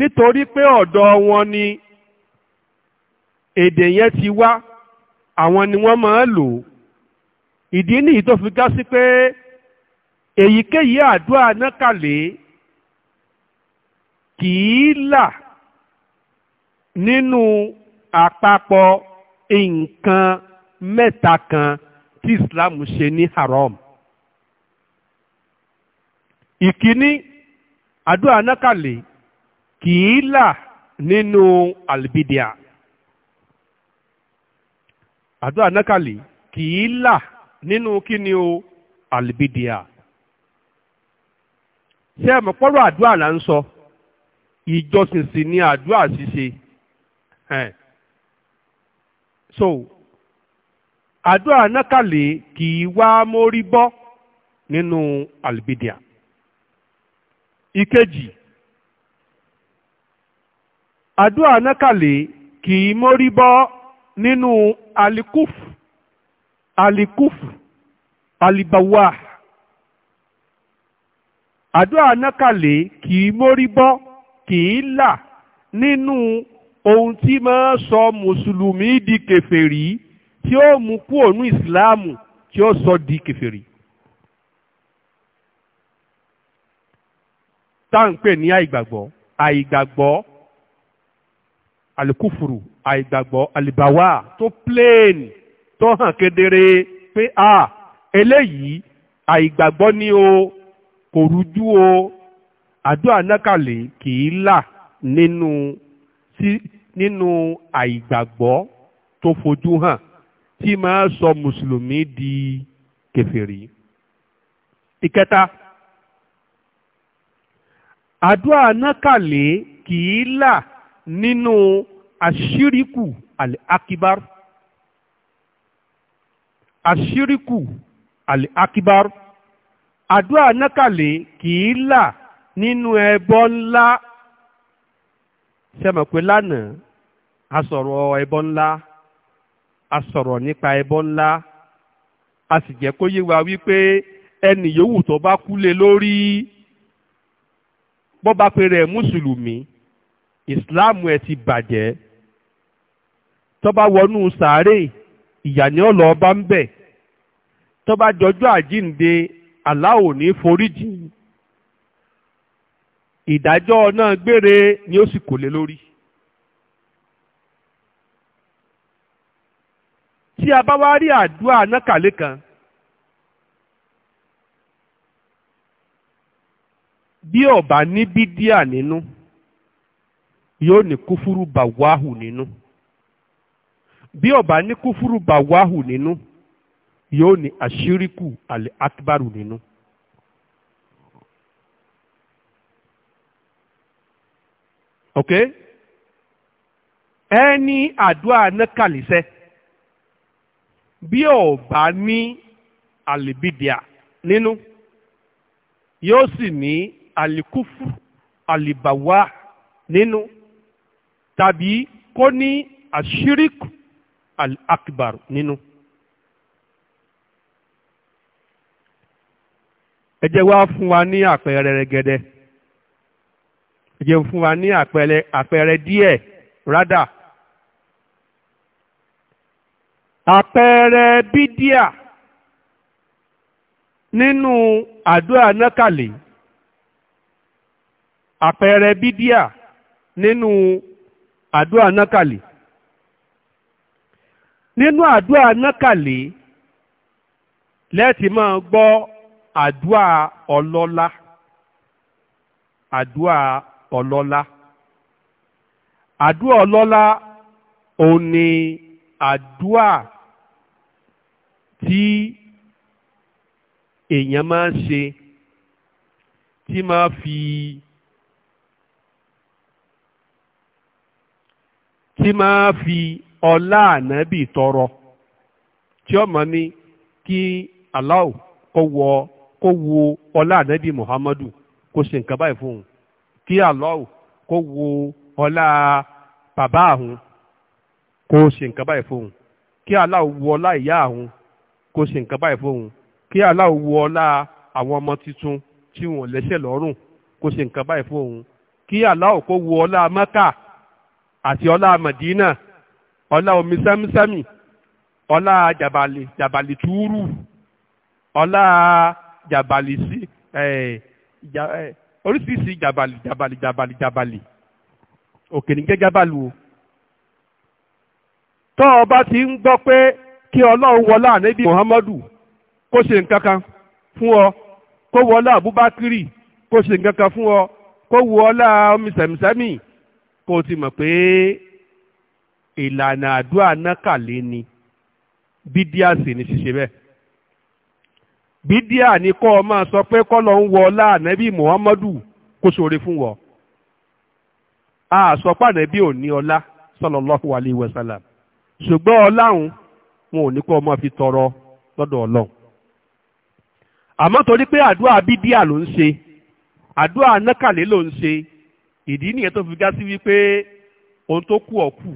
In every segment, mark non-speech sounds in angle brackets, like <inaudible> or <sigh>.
nítorí pé ọ̀dọ̀ wọn ni èdè yẹn ti wá àwọn ni wọ́n máa lò ìdí nìyí tó fi gá sí pé èyíkéyìí àdúrà nákàlẹ́ kì í là nínú àpapọ̀ nǹkan mẹ́ta kan tí Islam ṣe ní haram ìkíní àdúrà nákàlẹ́ kì í là nínú àlùbídíà àdúrà nákàlì kì í là nínú kí ni o àlùbídíà ṣé ẹ mọ̀ pọ́rọ̀ àdúrà là ń sọ ìjọsìn sì ni àdúrà ṣíṣe so àdúrà nákàlì kì í wá mórí bọ́ nínú àlùbídíà ìkejì àdúrà nákàlẹ̀ kì í mórí bọ́ nínú alikuf alikuf alibawa àdúrà nákàlẹ̀ kì í mórí bọ́ kì í là nínú ohun tí máa sọ mùsùlùmí di kèfèrí tí ó mú kú òun ìsìláàmù tí ó sọ di kèfèrí. tá ní àìgbàgbọ́ àìgbàgbọ́ alikufuru àìgbàgbọ́ alibawa tó plain tó hàn kedere pé a eléyìí àìgbàgbọ́ ni o kò rújú o àdúrà nákàlẹ̀ kì í là nínú sí nínú àìgbàgbọ́ tó fojú hàn tí máa sọ mùsùlùmí di kèfèrí. ìkẹta àdúrà nákàlẹ̀ kì í là nínú àṣíríkù al-akibar àṣíríkù al-akibar adua nákàlẹ̀ kìí là nínú ẹbọ ńlá sẹ́mọ̀ pé lánàá a sọ̀rọ̀ ẹbọ ńlá a sọ̀rọ̀ nípa ẹbọ ńlá a sì jẹ́ kó yé wa wípé ẹnì yòówù tó bá kú lé lórí bọ́ bá pe rẹ̀ mùsùlùmí ìsìláàmù tó bá wọnú sàárè ìyà ni ó ọba bá ń bẹ̀ tó bá àjínde Allah ní foríjì ìdájọ́ náà gbére ni ó sì kò lé lórí. tí a bá wá rí àdúrà nákàlẹ́ kan bí ó bá ní bídíà nínú yóò ní kúfúrú bàwáhù nínú. bí ọba ní kúfúrú bá wáhù nínú yóò ní àṣíríkù àlè akíbárù nínú. ok ẹni àdúrà nákàlísẹ́ bí ọba ní àlèbídìá nínú yóò sì ní àlèkúfù àlèbàwá nínú tàbí kó ní àṣíríkù al-akbar nínú. ẹ wá fún wa ní àpẹẹrẹ rẹ̀gẹ̀dẹ̀ ẹ jẹ́ fún wa ní àpẹẹrẹ àpẹẹrẹ díẹ̀ rádà àpẹẹrẹ bídíà nínú àdúrà àpẹẹrẹ bídíà nínú àdúrà nákàlè lẹ́ẹ̀tì máa gbọ́ àdúrà ọlọ́lá àdúrà ọlọ́lá àdúrà ọlọ́lá òun ni àdúrà tí èèyàn máa ń ṣe tí máa fi tí máa fi ọlá ànábì tọrọ tí ọmọ ní kí Allah kó wọ kó wo ọlá ànábì Muhammadu kó ṣe nǹkan báyìí fún un kí Allah kó wo ọlá bàbá àhún kó ṣe nǹkan báyìí fún un kí Allah wo ọlá ìyá àhún kó ṣe nǹkan báyìí fún un kí Allah wo ọlá àwọn ọmọ tuntun tí wọ́n lẹ́sẹ̀ lọ́rùn kó ṣe nǹkan báyìí fún òun kí Allah kó wo ọlá Mẹ́kà àti ọlá Mẹdínà ọlá omi sẹ́mísẹ́mì ọlá jàbàlì jàbàlì túúrù ọlá jàbàlì sí oríṣiríṣi jàbàlì jàbàlì jàbàlì jàbàlì òkè ní gẹ́gẹ́ bá lu o tọ́ ọba ti ń gbọ́ pé kí ọlọ́run wọlá ànábì muhammadu kó ṣe nǹkan kan fún ọ kó wọlá abubakiri kó ṣe nǹkan kan fún ọ kó wọlá omi sẹ̀mísẹ́mì kó o ti mọ̀ pé ìlànà àdúrà nákàlé ni bídíà sì ni ṣíṣe bẹ́ẹ̀ bídíà ni kọ́ ọ máa sọ pé kọ́lọ̀ ń wọ ọlá ànábì muhammadu kó ṣoore fún wọ a sọ pé ànábì ò ọlá sallallahu alayhi wa sallam ṣùgbọ́n ọláhùn wọn ò ní kọ́ ọ máa fi tọrọ lọ́dọ̀ ọlọ́run àmọ́ torí pé àdúrà bídíà ló ń ṣe àdúrà nákàlé ló ń ṣe ìdí nìyẹn tó fi gá sí wípé ohun tó kù ọ̀kù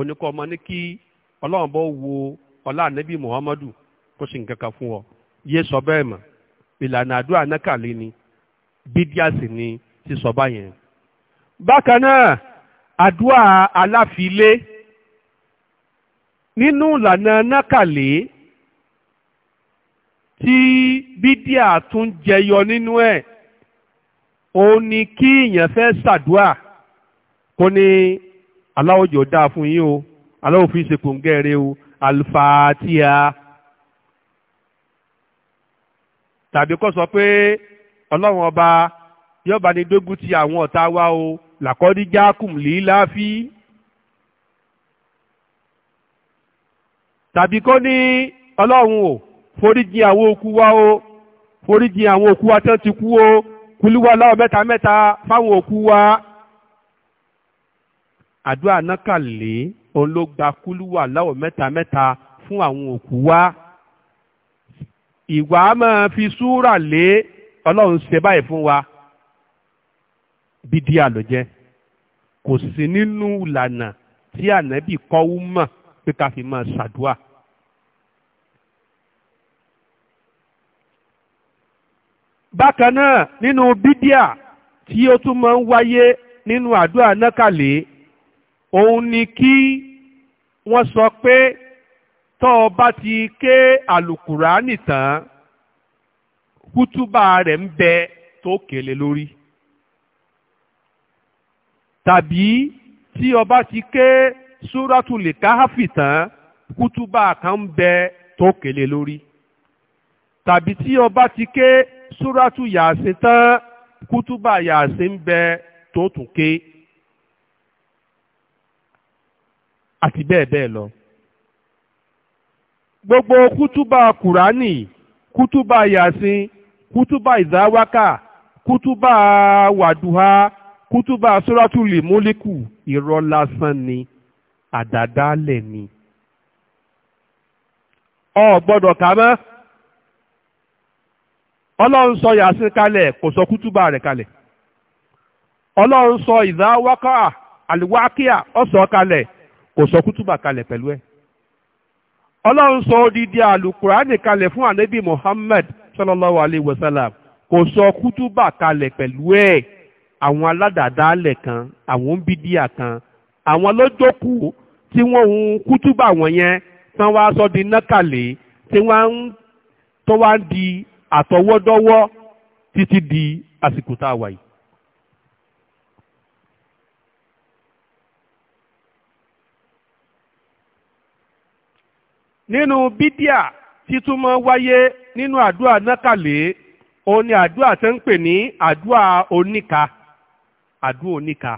oníkọ́ ọmọ ní kí ọlọ́run bọ́ wo ọlá ànábì muhammadu kó sì ń kankan fún ọ yé sọ bẹ́ẹ̀ mọ̀ ìlànà àdúrà nákàlẹ́ ni bídíàsì ni sísọ báyẹn. bákan náà àdúrà aláfilé nínú ìlànà nákàlẹ́ tí bídíà tún jẹyọ nínú ẹ̀ òun ni kí èèyàn fẹ́ ṣàdúà kò ní aláwòjọ dáa fún yín o aláwòfin ṣe kò ń gẹ́rẹ́ o alifatiya tàbí kó sọ pé ọlọ́run ọba yọba ni dógún ti àwọn ọ̀tá wa o làkọ́dí jákùm líláfí tàbí kó ní ọlọ́run o foríjì àwọn òkú wa o foríjì àwọn òkú wa tán ti kú o kúlúwà láwọn mẹ́ta mẹ́ta fáwọn òkú wa àdúrà nákàlẹ́ òun ló gba kúlúwà láwọ̀ mẹ́ta mẹ́ta fún àwọn òkú wá ìwà á máa fi súrà lé ọlọ́run ṣe báyìí fún wa bídíà ló jẹ́ kò sí nínú ìlànà tí ànábì kọ́wú mọ̀ pé ká fi máa ṣàdúà. bákan náà nínú bídíà tí ó tún máa ń wáyé nínú àdúrà nákàlẹ́ òun ni kí wọ́n sọ pé tọ́ ọ bá ti ké àlùkùránì tán kútúbà rẹ̀ ń bẹ tó kèlè lórí tàbí tí ó ti ké súrátùlì káháfì tán kútúbà kan ń bẹ tó kèlè lórí tàbí tí ó ti ké súrátù yàsìn tán kútúbà yàsìn ń bẹ tó tún ké. àti bẹ́ẹ̀ bẹ́ẹ̀ lọ. gbogbo kútúbà kùránì kútúbà yàsín kútúbà ìzáwákà kútúbà wàdùhà kútúbà sóràtúlì múlíkù irọ́ lásán ni àdàdálẹ̀ ni. ọ gbọ́dọ̀ kà mọ́ ọlọ́run sọ yàsín kalẹ̀ kò sọ kútúbà rẹ̀ kalẹ̀ ọlọ́run sọ ìzáwákà àlùwákíà ọ̀sọ̀ kalẹ̀ kò sọ kútùbà kalẹ̀ pẹ̀lú ẹ̀ ọlọ́run sọ odidi àlùkùránì kalẹ̀ fún ànábì Muhammad sallallahu alayhi wa sallam kò sọ kútùbà kalẹ̀ pẹ̀lú ẹ̀ àwọn aládàdálẹ̀ kan àwọn bídíà kan àwọn ló tí wọ́n ń kútùbà wọn yẹn tán wá sọ di nákàlẹ̀ tí wọ́n ń tó wá di àtọwọ́dọ́wọ́ títí di àsìkò tá a wà yìí. nínú bídíà títún máa wáyé nínú àdúrà nákàlẹ́ òun ni àdúrà tó ń pè ní àdúrà oníka àdúrà oníka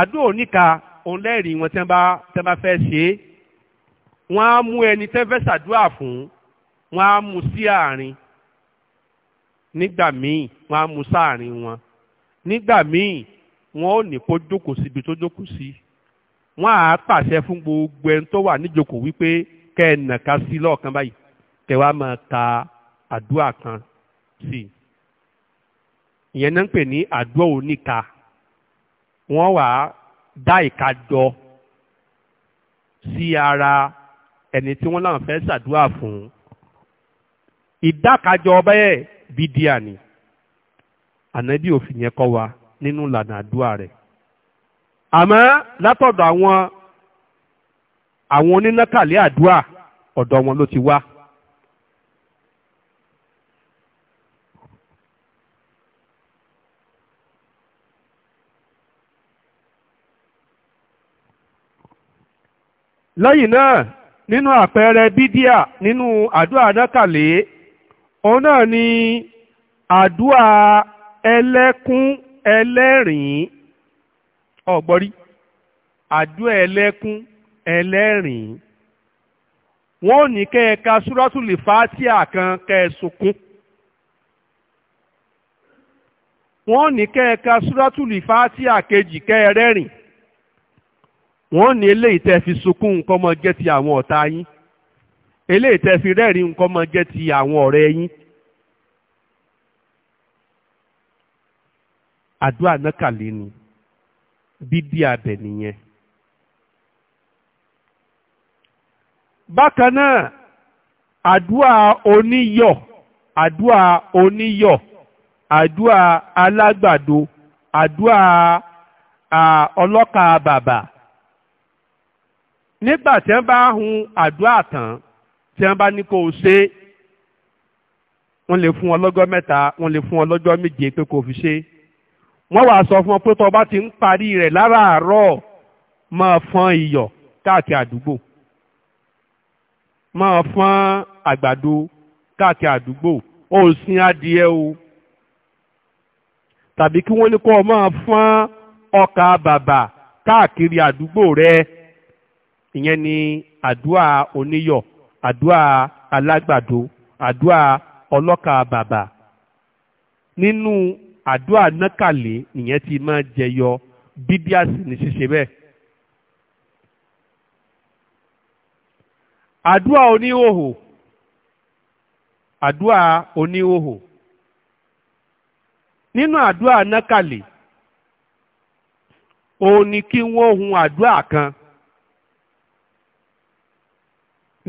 àdúrà oníka òun lẹ́rìí wọn tẹ́ bá fẹ́ ṣe é wọ́n á mú ẹni tẹ́ fẹ́ ṣàdúrà fún wọ́n á mú sí àárín nígbà míì wọ́n á mú sáàárín wọn nígbà míì wọ́n ò ní kó jókòó síbi tó jókòó sí wọ́n á pàṣẹ fún gbogbo ẹni tó wà níjókòó wípé kẹ́ ẹ̀ nàka sí lọ́ọ̀kan báyìí kẹ́ wàá máa ka àdúrà kan sí i ìyẹn náà ń pè ní àdúrà oníka wọ́n wàá dá ìka jọ sí ara ẹni tí wọ́n láwọn fẹ́ ṣàdúrà fún ìdákàjọ bẹ́ẹ̀ bídíà ni ànábì òfin yẹn kọ́ wa nínú ìlànà àdúrà rẹ̀ àmọ́ látọ̀dọ̀ àwọn àwọn onínákàlẹ́ àdúrà ọ̀dọ̀ wọn ló ti wá. lẹ́yìn náà nínú àpẹẹrẹ bídíà nínú àdúrà nákàlẹ́ òun náà ni àdúrà ẹlẹ́kún ẹlẹ́rìn-ín ọ̀gbọ́rí àdúrà ẹlẹ́kún ẹlẹ́rìn wọ́n ò ní kẹ́ ẹ ka súrọ́tùlì fàtíà kan kẹ́ ẹ sunkún wọ́n ò ní kẹ́ ẹ ka súrọ́tùlì fàtíà kejì kẹ́ ẹ rẹ́rìn wọ́n ò ní eléyìí tẹ́ fi sunkún nǹkan mọ́ jẹ́ ti àwọn ọ̀tá yín eléyìí tẹ́ fi rẹ́rìn nǹkan mọ́ jẹ́ ti àwọn ọ̀rẹ́ yín. àdúrà náà kàlẹ́ ni bíbí abẹ nìyẹn. bákan náà àdúà oníyọ̀ àdúà oníyọ̀ àdúà alágbàdo àdúà ọlọ́kà bàbà nígbà tí wọ́n bá hun àdúà tán tí wọ́n bá ní kó o ṣe wọ́n lè fún ọ lọ́jọ́ mẹ́ta wọ́n lè fún ọ lọ́jọ́ méje pé kò fi ṣe wọ́n wàá sọ fún ọ pé tó ti ń parí rẹ̀ láràárọ̀ máa fọ́n iyọ̀ káàkiri àdúgbò máa fọ́n àgbàdo káàkiri àdúgbò ó sin adìẹ o tàbí kí wọ́n ní kó o máa fọ́n ọkà bàbà káàkiri àdúgbò rẹ ìyẹn ni àdúà oníyọ̀ àdúà alágbàdo àdúà ọlọ́kà bàbà nínú àdúà nákàlẹ̀ nìyẹn ti máa jẹyọ bíbí àsìní ṣíṣe bẹ́ẹ̀. àdúà oníhòhò àdúà oníhòhò nínú àdúà nákàlè òun ni kí wọ́n hun àdúà kan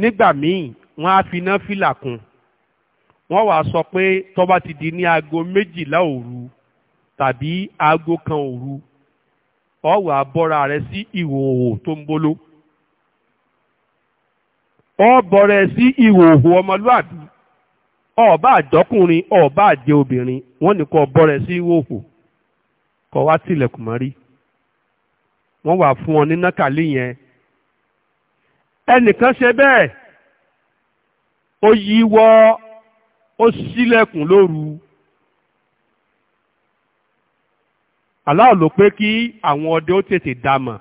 nígbà míì wọ́n á fi náfìlà kún wọ́n wàá sọ pé tó bá ti di ní aago méjìlá òru tàbí aago kan òru o wàá bọ́ra rẹ sí ìhòòhò tó ń bóló. Wọ́n bọ̀rẹ̀ sí ìhòòhò ọmọlúàbí ọba àjọkùnrin ọba àjẹ obìnrin wọ́n ní kó bọ̀rẹ̀ sí ìhòòhò kó wá tilẹ̀kùn mọ́rí wọ́n wà fún ọ ní nákàlí yẹn ẹnìkan ṣe bẹ́ẹ̀ ó wọ́, ó ṣílẹ̀kùn lóru aláwọ̀ ló pé kí àwọn ọdẹ ó tètè dàmọ̀.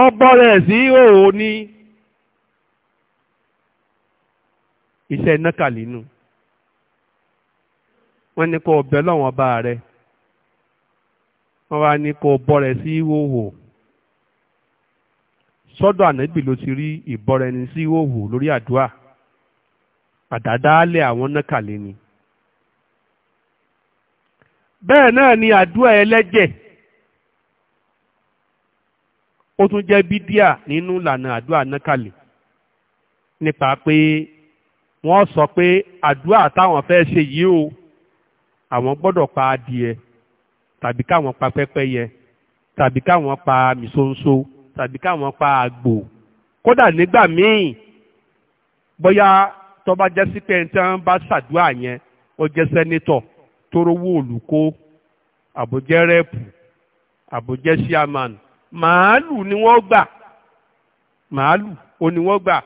ọ bọ̀rẹ̀ sí ìhòòhò ni. iṣẹ́ nákàlínú wọ́n ní kó o bẹ lọ́wọ́n bá rẹ wọ́n wá ní kó o bọ́rẹ̀ sí ìhòhò sọ́dọ̀ ànábì ló ti rí ìbọ́rẹni sí ìhòhò lórí àdúrà àdádálẹ̀ àwọn nákàlẹ́ ni bẹ́ẹ̀ náà ni àdúrà ẹlẹ́jẹ̀ ó tún jẹ́ bídíà nínú ìlànà àdúrà nákàlẹ́ nípa pé wọ́n sọ pé àdúrà táwọn fẹ́ ṣe yìí o àwọn gbọ́dọ̀ pa adìẹ tàbí káwọn pa pẹ́pẹ́yẹ tàbí káwọn pa mìsonso tàbí káwọn pa àgbò kódà nígbà míì bóyá tó bá jẹ́ sí pé ẹni tí wọ́n bá ṣàdúrà yẹn ó jẹ́ sẹ́nítọ̀ tó rówó olùkó àbójẹ́ rẹ́pù àbójẹ́ chairman màálù ni wọ́n gbà màálù ó ni wọ́n gbà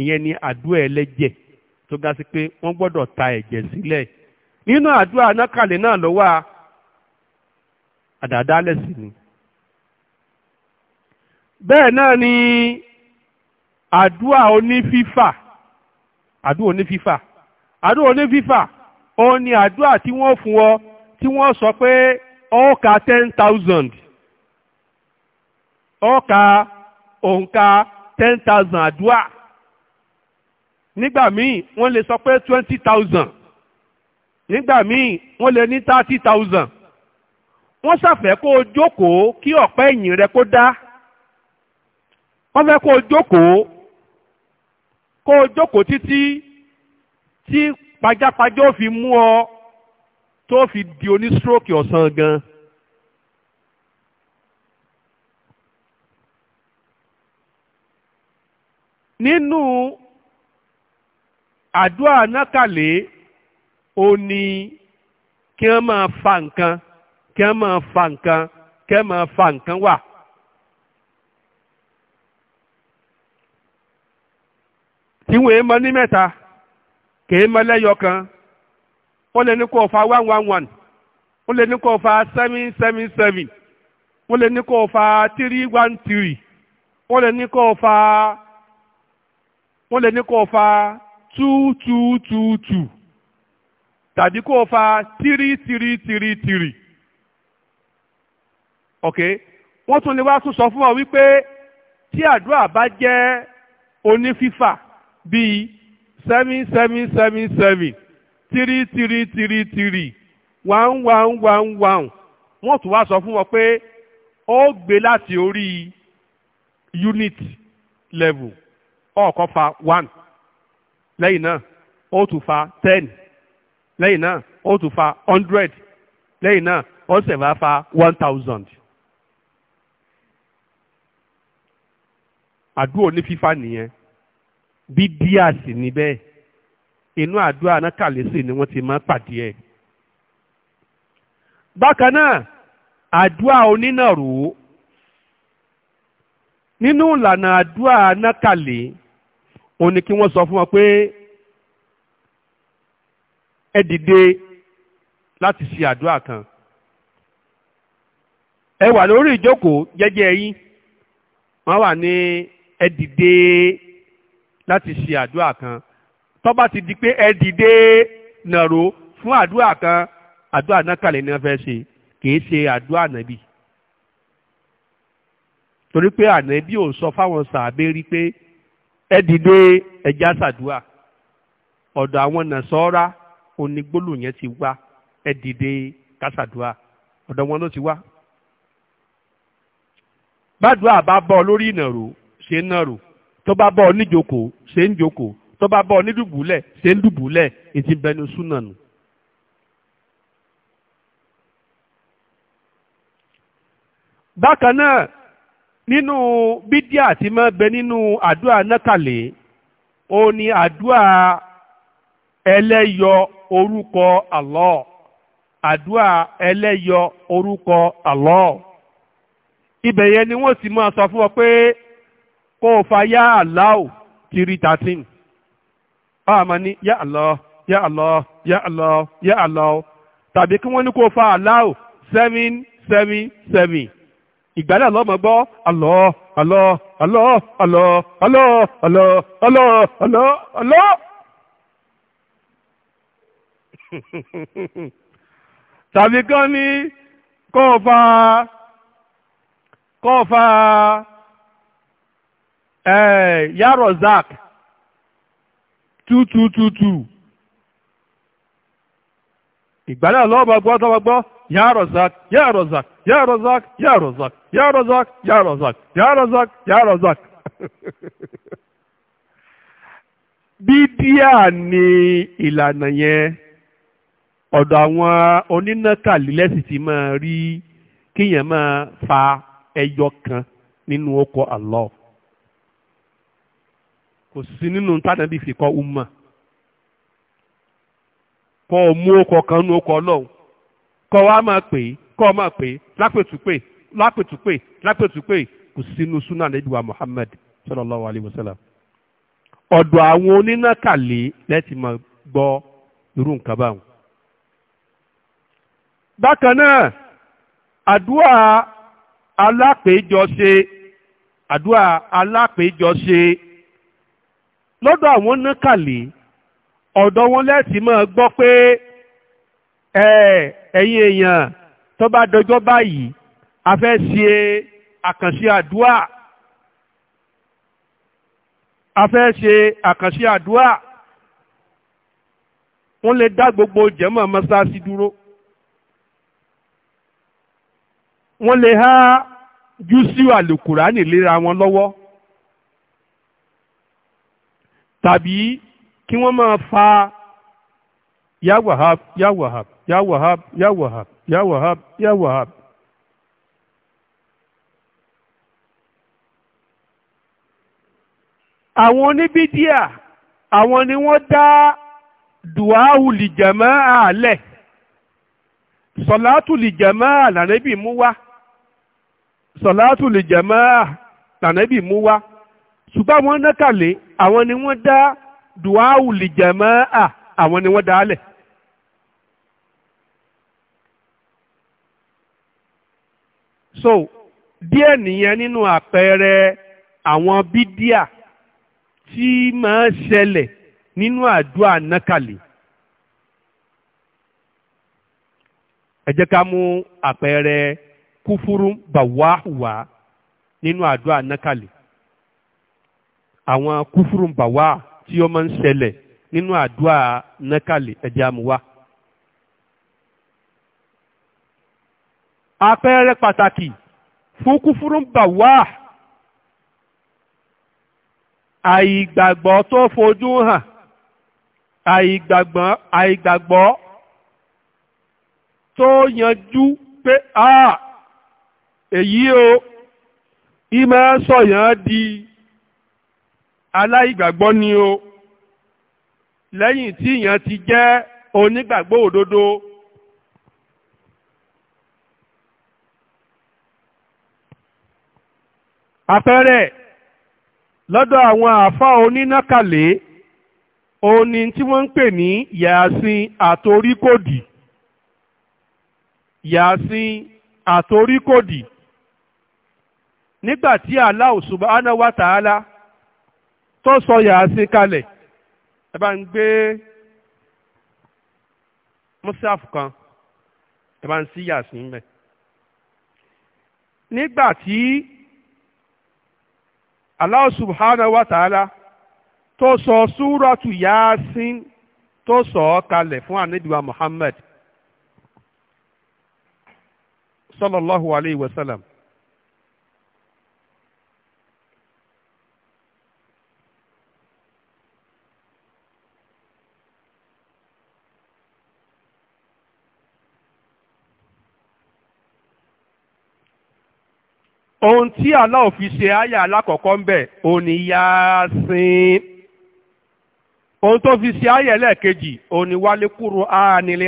ìyẹn ni àdúrà ẹlẹ́jẹ̀ẹ́ tó ga sí pé wọ́n gbọ́dọ̀ ta ẹ̀jẹ̀ sílẹ̀ nínú àdúrà nákàlẹ̀ náà lọ́wọ́ àdàdálẹ̀ sí ni bẹ́ẹ̀ náà ni àdúrà onífífà àdúrà onífífà àdúrà onífífà ó ní àdúrà tí wọ́n fún ọ tí wọ́n sọ pé ó ten thousand ó ka òǹkà ten thousand àdúrà nígbà míì wọ́n lè sọ pé twenty thousand nígbà míì wọ́n lè ní thirty thousand wọ́n ṣàfẹ́ kó o jókòó kí ọ̀pẹ́ ẹ̀yìn rẹ kó dá wọ́n fẹ́ kó o jókòó kó o jókòó títí tí pajápajá ò fi mú ọ tó fi di onísírókì ọ̀sán gan. nínú àdúrà nákàlé ó ní kí wọ́n máa fa nǹkan kí wọ́n máa fa nǹkan kí wọ́n máa fa nǹkan wà. tí èèmọ ní mẹ́ta kèé mọ lẹ́yọ ó lè ní kó fa one one one ó lè ní kó fa seven seven seven ó lè ní kó fa three one three ó lè ní kó fa ó lè ní kó fa two two two two tàbí kó o fa three three three three ok wọ́n tún lè wá tún sọ fún ọ wípé tí àdúrà bá jẹ́ onífífà bíi seven seven seven seven three three three three one one one one wọ́n tún wá sọ fún ọ pé ó gbé láti orí unit level ọ̀ọ́kọ́ fa one. lẹ́yìn náà ó tún fa ten lẹ́yìn náà ó tún fa hundred lẹ́yìn náà ó sì fa one thousand. àdúrà ní fífa nìyẹn bí díà sì ní bẹ́ẹ̀ inú àdúrà náà ni wọ́n ti máa pàdé ẹ̀. bákan náà àdúrà onínàró nínú ìlànà àdúrà nákàlẹ́ ó ní kí wọ́n sọ fún wọn pé ẹ dìde láti ṣe àdúrà kan ẹ wà lórí ìjókòó jẹ́jẹ́ yín wọ́n wà ní ẹ dìde láti ṣe àdúrà kan tó bá ti di pé ẹ dìde nàró fún àdúrà kan àdúrà náà kàlẹ́ ní wọ́n fẹ́ ṣe kìí ṣe àdúrà nàbì torí pé ànábì ò sọ fáwọn sàábé pé ẹ dìde ẹja ṣàdúrà ọ̀dọ̀ àwọn nàṣọ́ra onígbólù yẹn ti wá ẹ dìde kásàdúrà ọ̀dọ̀ wọn ló ti wá. bàdúrà bá bọ́ lórí ìnàró ṣe ń nàró tó bá bọ́ níjókòó ṣe ń jókòó tó bá bọ́ nídùbúlẹ̀ ṣe ń dùbúlẹ̀ ètí bẹnu súnà bákan náà nínú Bidia ti máa bẹ nínú àdúrà nákàlẹ́ o ní àdúrà ẹlẹ́yọ orúkọ àdúrà ẹlẹ́yọ orúkọ ni wọ́n sì máa sọ fún ọ pé kó o fa yá aláwò kiri thirteen ọ̀hàmà ní yá Allah yá Allah yá Allah yá Allah tàbí kí wọ́n ní kó o fa aláwò seven seven seven. ìgbàlẹ̀ lọ́mọ gbọ́ àlọ́ àlọ́ àlọ́ àlọ́ àlọ́ àlọ́ àlọ́ àlọ́ àlọ́. <laughs> tàbí kán ní kọ́ọ̀fà kọ́ọ̀fà eh, yàrá zak two two two two. ìgbà náà lọ́ọ̀bà gbọ́ tọ́wọ́ gbọ́ yá rọ̀zak yá rọ̀zak yá bídíà ni ìlànà yẹn ọ̀dọ̀ àwọn onínàkàlélẹ́sì ti máa rí kíyàn máa fa ẹyọ kan nínú ọkọ̀ Allah kò sí nínú tánàbí fi kọ́ umma. kọ́ ọ mú ọkọ̀ kan nú ọkọ̀ ọlọ́run kọ́ wa máa pè é kọ́ ọ máa pè é lápètúpè lápètúpè lápètúpè kò sínú súnà lẹ́dùwà Muhammad sallallahu alayhi wa sallam ọ̀dọ̀ àwọn onínàkàlè lẹ́tì máa gbọ́ irú nǹkan báwọn. bákan náà àdúrà alápèéjọṣe àdúrà alápèéjọṣe lọ́dọ̀ àwọn onínàkàlè ọ̀dọ̀ wọn lẹ́sìn máa gbọ́ pé ẹ̀yin èèyàn tó bá dọjọ́ báyìí a fẹ́ ṣe àkànṣe àdúà a fẹ́ ṣe àkànṣe àdúà wọ́n lè dá gbogbo jẹ́mọ̀ mọ́sáàsì dúró wọ́n lè há júsíù àlùkùránì léra wọn lọ́wọ́ tàbí kí wọ́n máa fa ya wahab ya wahab ya wahab ya wahab ya wahab ya wahab. àwọn oníbídíà àwọn ni wọ́n dá dùáhù lìjàmá àlẹ̀ sọ̀látù lìjàmá àlànẹ́bì mú wá sọ̀látù lìjàmá àlànẹ́bì mú wá ṣùgbọ́n àwọn nákàlẹ̀ àwọn ni wọ́n dá duwawu lijamaa àwọn ni wọ́n dálẹ̀. so díẹ̀ nìyẹn nínú àpẹẹrẹ àwọn bídíà tí máa ṣẹlẹ̀ nínú àdúrà nákàlẹ̀. ẹ jẹ́ ká mú àpẹẹrẹ kúfúrú bàwáhùwà nínú àdúrà nákàlẹ̀ àwọn kúfúrú bàwáhùwà. tí ó máa ń ṣẹlẹ̀ nínú àdúrà nákàlì ẹ̀jẹ̀ àmúwá. àpẹẹrẹ pàtàkì fún kúfúrúmbà wá àìgbàgbọ́ tó fojú hàn àìgbàgbọ́ tó yanjú pé a èyí o ìmọ̀ sọ̀yàn di aláìgbàgbọ́ ni o lẹ́yìn tí èèyàn ti jẹ́ onígbàgbọ́ òdodo. àpẹẹrẹ lọ́dọ̀ àwọn àáfàá onínàkàlẹ́ òun ni tí wọ́n ń pè ní yàásín àtoríkòdì yàásín àtoríkòdì nígbà tí Allah subhanahu wa ta'ala tó sọ kale, kalẹ̀ ẹ bá ń gbé mùsàf kan ẹ bá ń sí yàásín mẹ́ nígbà tí Allah subhanahu wa ta'ala tó sọ súrọ̀tù yáásín tó sọ ọ́ kalẹ̀ fún ànábìwá Muhammad sallallahu alayhi wa sallam. ohun tí Allah fi ṣe àyà alákọ̀ọ́kọ́ ń bẹ̀ òní sin ohun tó fi ṣe àyà ẹlẹ́ẹ̀kejì òní wálé kúrò ánilé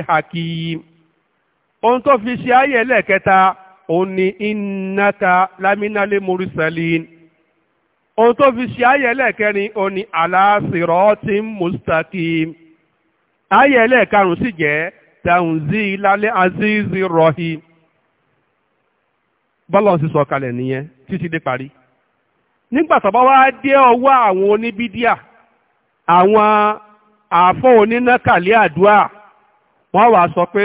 ohun tó fi ṣe àyà ẹlẹ́ẹ̀kẹta òní innaka laminale mursalin ohun tó fi ṣe àyà ẹlẹ́ẹ̀kẹrin òní ẹlẹ́ẹ̀karùn-ún sì jẹ́ bọ́lọ̀ sì sọ kalẹ̀ nìyẹn títí dé parí nígbà tó bá wá dé ọwọ́ àwọn oníbídíà àwọn àfọ́ onínàkàlẹ́ àdúrà wọ́n wá sọ pé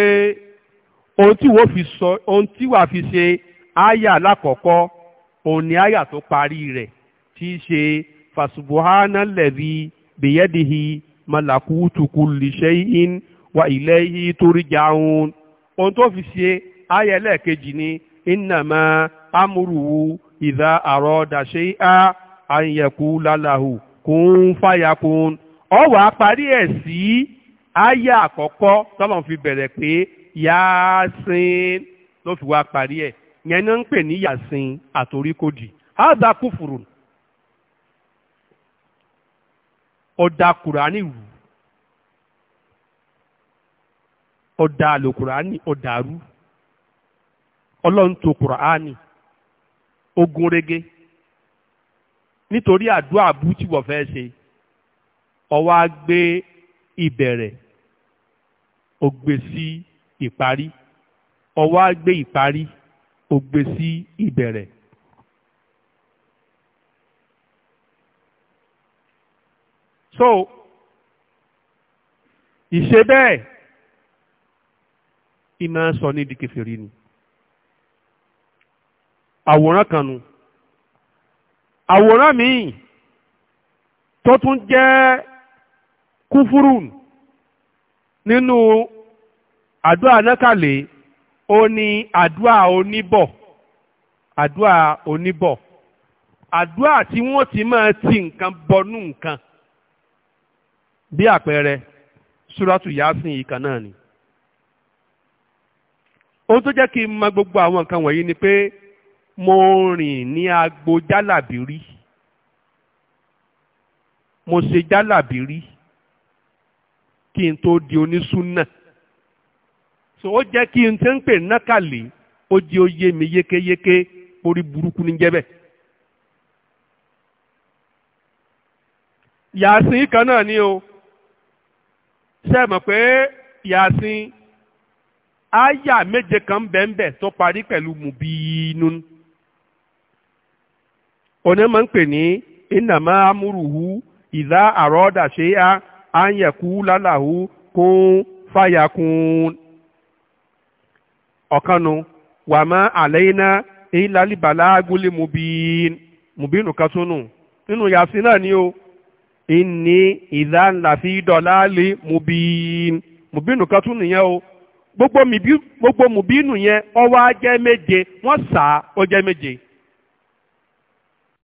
ohun tí wọ́n fi sọ ohun tí wàá fi ṣe àyà lákọ̀ọ́kọ́ òun ni àyà tó parí rẹ̀ tí í ṣe fàṣubuhánà lẹ́bi bìyẹ́dìhì malakutu kulli shay'in wa ilayhi turja'un ohun tó fi ṣe àyà ẹlẹ́ẹ̀kejì ni innama amúrùwù ìdá àrọ̀dà ṣe á àyẹ̀kú lálàhù kún fàyàkún ó wá parí ẹ̀ sí àyà àkọ́kọ́ tọ́lọ̀ fi bẹ̀rẹ̀ pé yáásín ló fi wá parí ẹ̀ yẹn ní ń pè ní yàsín àtoríkòdì áàdà kúfùrù ọ̀dà kùránì rù ọ̀dà àlòkùránì ọ̀dàrú ọlọ́run tó kùránì ogun rege nítorí àdúrà bú tí wọ́n fẹ́ ṣe ọwọ́ á gbé ìbẹ̀rẹ̀ ó gbé sí ìparí ọwọ́ á gbé ìparí ó gbé sí ìbẹ̀rẹ̀. so ìṣe bẹ́ẹ̀ ìmọ̀ sọ ní di kèfèrí ni àwòrán kan nu àwòrán míì tó tún jẹ́ kúfúrú nínú àdúrà nákàlẹ̀ ó ní àdúrà oníbọ̀ àdúrà oníbọ̀ àdúrà tí wọ́n ti máa ti nǹkan bọnú nǹkan bí àpẹẹrẹ súrátù yásìn yìí kan náà ni ohun tó jẹ́ kí n mọ gbogbo àwọn nǹkan wọ̀nyí ni pé mo rìn ní agbo jálàbí rí mo ṣe jálàbí rí kí n tó di onísúnà so ó jẹ́ kí n ti ń pè nákàlè ó di ó yé mi yékéyéké orí burúkú ní jẹ́bẹ̀. yàásín kan náà ni o ṣe mọ̀ pé yàásín yà méje kan bẹ́ẹ̀ bẹ́ẹ̀ tó parí pẹ̀lú mùbínú. onye ma nkpene nna m amuru hu ịda arọ asia ayeku lala hu kụụ faya kụụ ọkanụ wa ma ala ihe na ịla n'ibala agụle m bi nnụnụ ya si naa ni o nni ịda nla fi ịdọla li m ya o gbogbo mubinu ibi gbogbo m ya ọ waa meje wọn sa ọ je meje.